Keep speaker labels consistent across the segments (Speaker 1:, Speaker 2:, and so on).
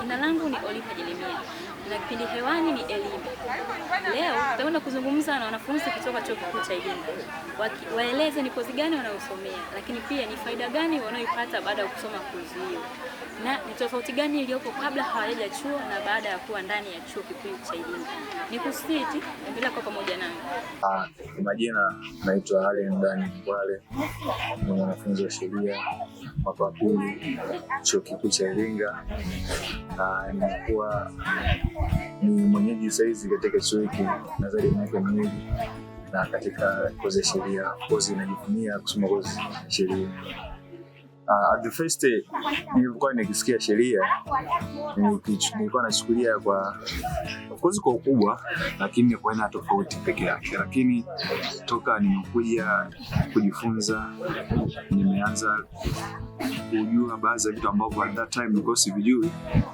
Speaker 1: Jina langu ni Oliva Jeremia na kipindi hewani ni elimu. Leo tutaenda kuzungumza na wanafunzi kutoka Chuo Kikuu cha Iringa, waeleze ni kozi gani wanayosomea, lakini pia ni faida gani wanayoipata baada ya kusoma kozi hiyo, na ni tofauti gani iliyopo kabla hawajaja chuo na baada ya kuwa ndani ya Chuo Kikuu cha Iringa. Ni kusiti bila kwa pamoja nami.
Speaker 2: Ah, majina naitwa Ali Ndani Mbwale, ni mwanafunzi wa sheria mwaka wa pili Chuo Kikuu cha Iringa na nimekuwa ni mwenyeji saizi katika chuo hiki na zaidi ya miaka miwili, na katika kozi ya sheria, kozi inajivunia kusoma kozi ya sheria. Uh, the first day nilikuwa nikisikia sheria nilikuwa nachukulia kwa of course kwa ukubwa, lakini kwa aina tofauti peke yake. Lakini toka nimekuja kujifunza, nimeanza kujua baadhi ya vitu ambavyo at that time nilikuwa sivijui.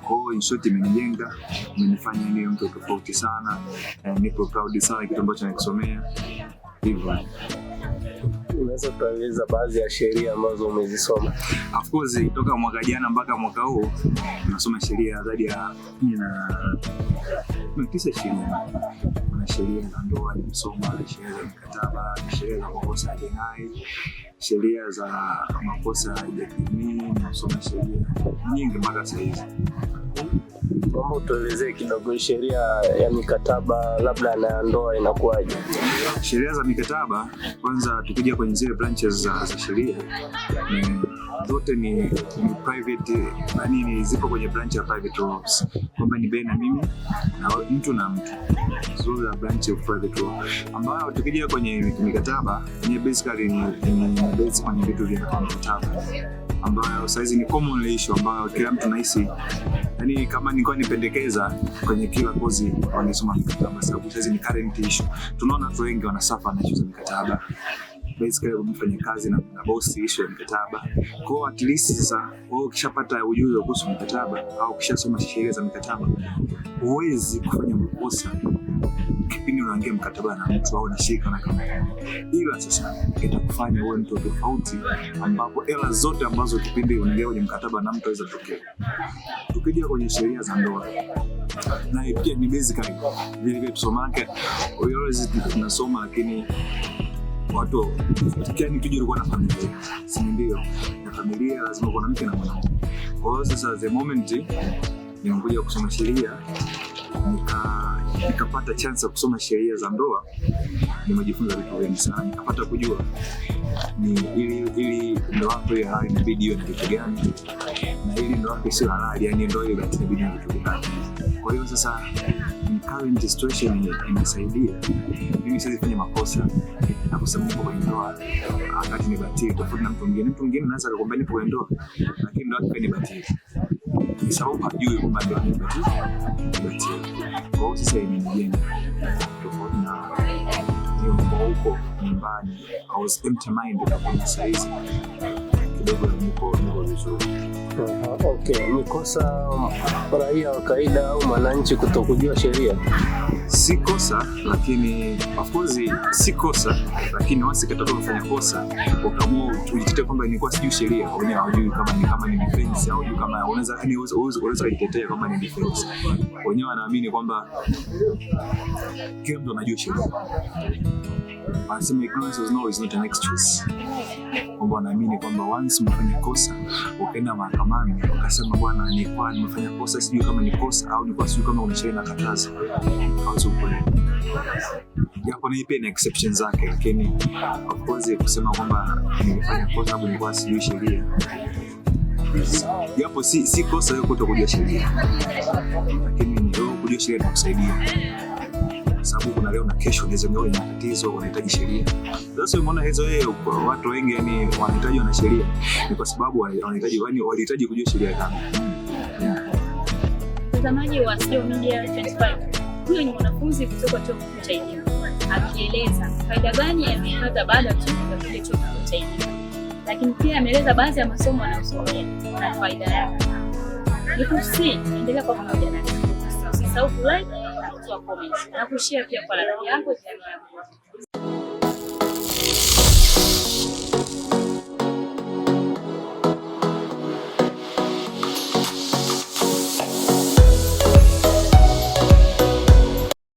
Speaker 2: Kwa hiyo in short, imenijenga, imenifanya niwe mtu tofauti sana. Eh, nipo proud sana kitu ambacho nakisomea hivyo
Speaker 3: unaweza kueleza baadhi ya sheria ambazo umezisoma?
Speaker 2: Of course toka mwaka jana mpaka mwaka huu tunasoma sheria zaidi ya na tisa ishirini na sheria za ndoa nimesoma, sheria za mikataba, sheria za makosa ya jinai, sheria za makosa ya kijamii, nimesoma sheria nyingi mpaka sasa hivi
Speaker 3: naomba utuelezee kidogo sheria ya mikataba labda na ndoa inakuwaje?
Speaker 2: Sheria za mikataba, kwanza tukija kwenye zile branches za, za sheria zote ni, ni private yaani ni zipo kwenye branch ya private laws, kwamba ni bei na mimi na mtu na mtu zote za branch of private law, ambayo tukija kwenye mikataba ni basically ni ni base kwenye vitu vya mikataba ambayo saizi ni common issue ambayo kila mtu nahisi, yani kama nilikuwa nipendekeza kwenye kila kozi wangesoma mikataba, sababu saizi ni current issue. Tunaona watu wengi wanasafa na issue za mikataba basically mfanya kazi na, na bosi issue ya mikataba. Kwa at least sasa wewe ukishapata ujuzi kuhusu mikataba au ukishasoma sheria za mikataba, huwezi kufanya makosa kipindi unaangia mkataba na mtu au na shirika na kampuni, ila sasa itakufanya uwe mtu tofauti, ambapo hela zote ambazo kipindi unaingia kwenye mkataba na mtu aweza tokea. Tukija kwenye sheria za ndoa na pia ni basically vile vile tusoma yake always tunasoma lakini watu yani, tujue ulikuwa na familia, si ndio? Na familia lazima kuwa na mke na mwanaume. Kwa hiyo sasa, the moment nimekuja kusoma sheria nika nikapata chance ya kusoma sheria za ndoa, nimejifunza vitu vingi sana. Nikapata kujua ni ili ili ndoa yako ya halali inabidi iwe na vitu gani, na ili ndoa yako sio halali, yani ndoa ile batili inabidi na kitu gani. Kwa hiyo sasa current situation inasaidia mimi siwezi fanya makosa na kusema kwa ndoa wakati ni batili, tofauti na mtu mwingine. Mtu mwingine anaweza kukwambia nipo kwenye ndoa, lakini ndoa yake ni batili ni sababu hajui upande kidogo vizuri.
Speaker 3: ni kosa raia wa kawaida au mwananchi kutokujua sheria?
Speaker 2: si kosa lakini of course si kosa lakini wasi katoka kufanya kosa ukaamua ujikite kwamba ni kwa sijui sheria, wengine hawajui kama ni kama ni defense au hujui kama unaweza yani unaweza kujitetea kama ni defense. Wenyewe wanaamini kwamba kila mtu anajua sheria, wanasema ignorance of no is not an excuse kwamba wanaamini kwamba once umefanya kosa ukaenda mahakamani ukasema bwana, nimefanya kosa, sijui kama ni kosa au ni kwa sijui kama kuna kataza mawazo japo na pia ina exception zake, lakini of course kusema kwamba nilifanya kosa au nilikuwa sijui sheria, japo si si kosa kuto kujua sheria, lakini ndio kujua sheria inakusaidia sababu kuna leo na kesho unaweza kuwa na tatizo, unahitaji sheria. Sasa umeona hizo hiyo, watu wengi yani wanahitaji wana sheria ni kwa sababu wanahitaji yani walihitaji kujua sheria kama
Speaker 1: mtazamaji wa Sio Media 25 huyo ni mwanafunzi kutoka chuo kikuu cha Iringa akieleza faida gani amepata baada ya kusoma kile chuo kikuu cha Iringa, lakini pia ameeleza baadhi ya masomo anayosomea na faida yake. Nikusi endelea kwa pamoja nasi, usisahau kulike na kutoa comment na kushare pia kwa rafiki yako, jamii yako.